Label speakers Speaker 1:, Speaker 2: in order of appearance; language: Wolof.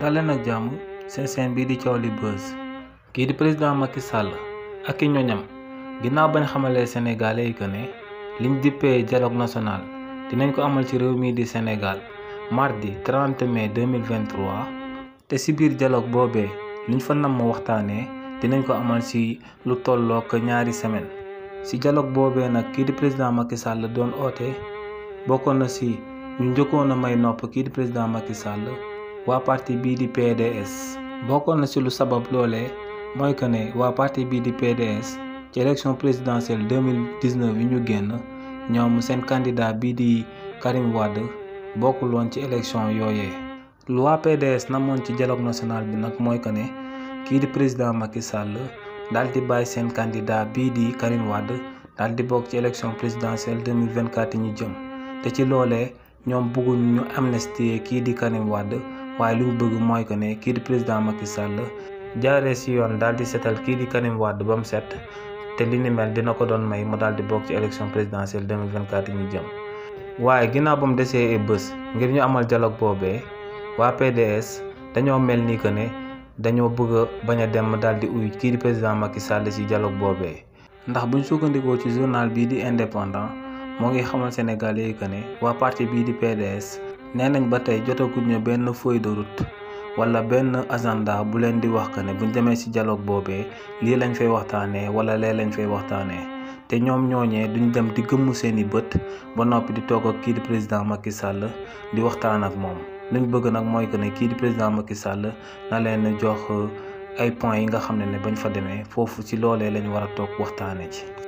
Speaker 1: dalena jam jàmm sen seen di Thiowli Buzz ki di président Macky Sall ak i ñoñam bañ xamalé sénégalais que né liñ dippé dialogue national dinañ ko amal ci réew mi di Sénégal mardi 30 mai 2023 te ci bir dialogue bobé liñ fa nam waxtané dinañ ko amal ci lu tollook ñaari semaine si dialogue bobé nak ki di président Macky Sall doon oté bokkoon na si ñu jëkko na may nopp ki di président Macky Sall waa parti bii di PDS bokkoon na ci lu sabab loole mooy que ne waa parti bii di PDS ci élection présidentielle 2019 yi ñu génn ñoom seen candidat bii di Karim Wade bokkul woon ci élection yooyee lu waa PDS moon ci dialogue national bi nag mooy que ne kii di président Macky Sall daal di bàyyi seen candidat bii di Karim Wade daal di bokk ci élection présidentielle 2024 yi ñu jëm te ci loolee ñoom bëgguñu ñu amnistie kii di Karim Wade waaye li mu bëgg mooy que ne kii di président Macky Sall jaaree si yoon daal di setal kii di Karim Wade ba mu set te li ni mel dina ko doon may mu daal di bokk ci élection présidentielle 2024 yi ñu jëm. waaye ginnaaw ba mu desee ay ngir ñu amal dialogue boobee waa PDS dañoo mel ni que ne dañoo bëgg a bañ a dem daal di uyu kii di président Macky Sall si dialogue boobee. ndax buñ sukkandikoo ci journal bii di indépendant moo ngi xamal sénégal yi que ne waa parti bii di PDS. nee nañ ba tey jotaguñu benn feuille de wala benn agenda bu leen di wax que ne buñ demee ci jaloog boobee lii lañ fay waxtaanee wala lee lañ fay waxtaanee te ñoom ñooñee duñ dem di gëmm seeni bët ba noppi di toog ak kii di président Macky Sall di waxtaan ak moom luñ bëgg nag mooy que ne kii di président Macky Sall na leen jox euh, ay points yi nga xam ne ne bañ fa demee foofu ci loolee lañu war a toog waxtaanee ci.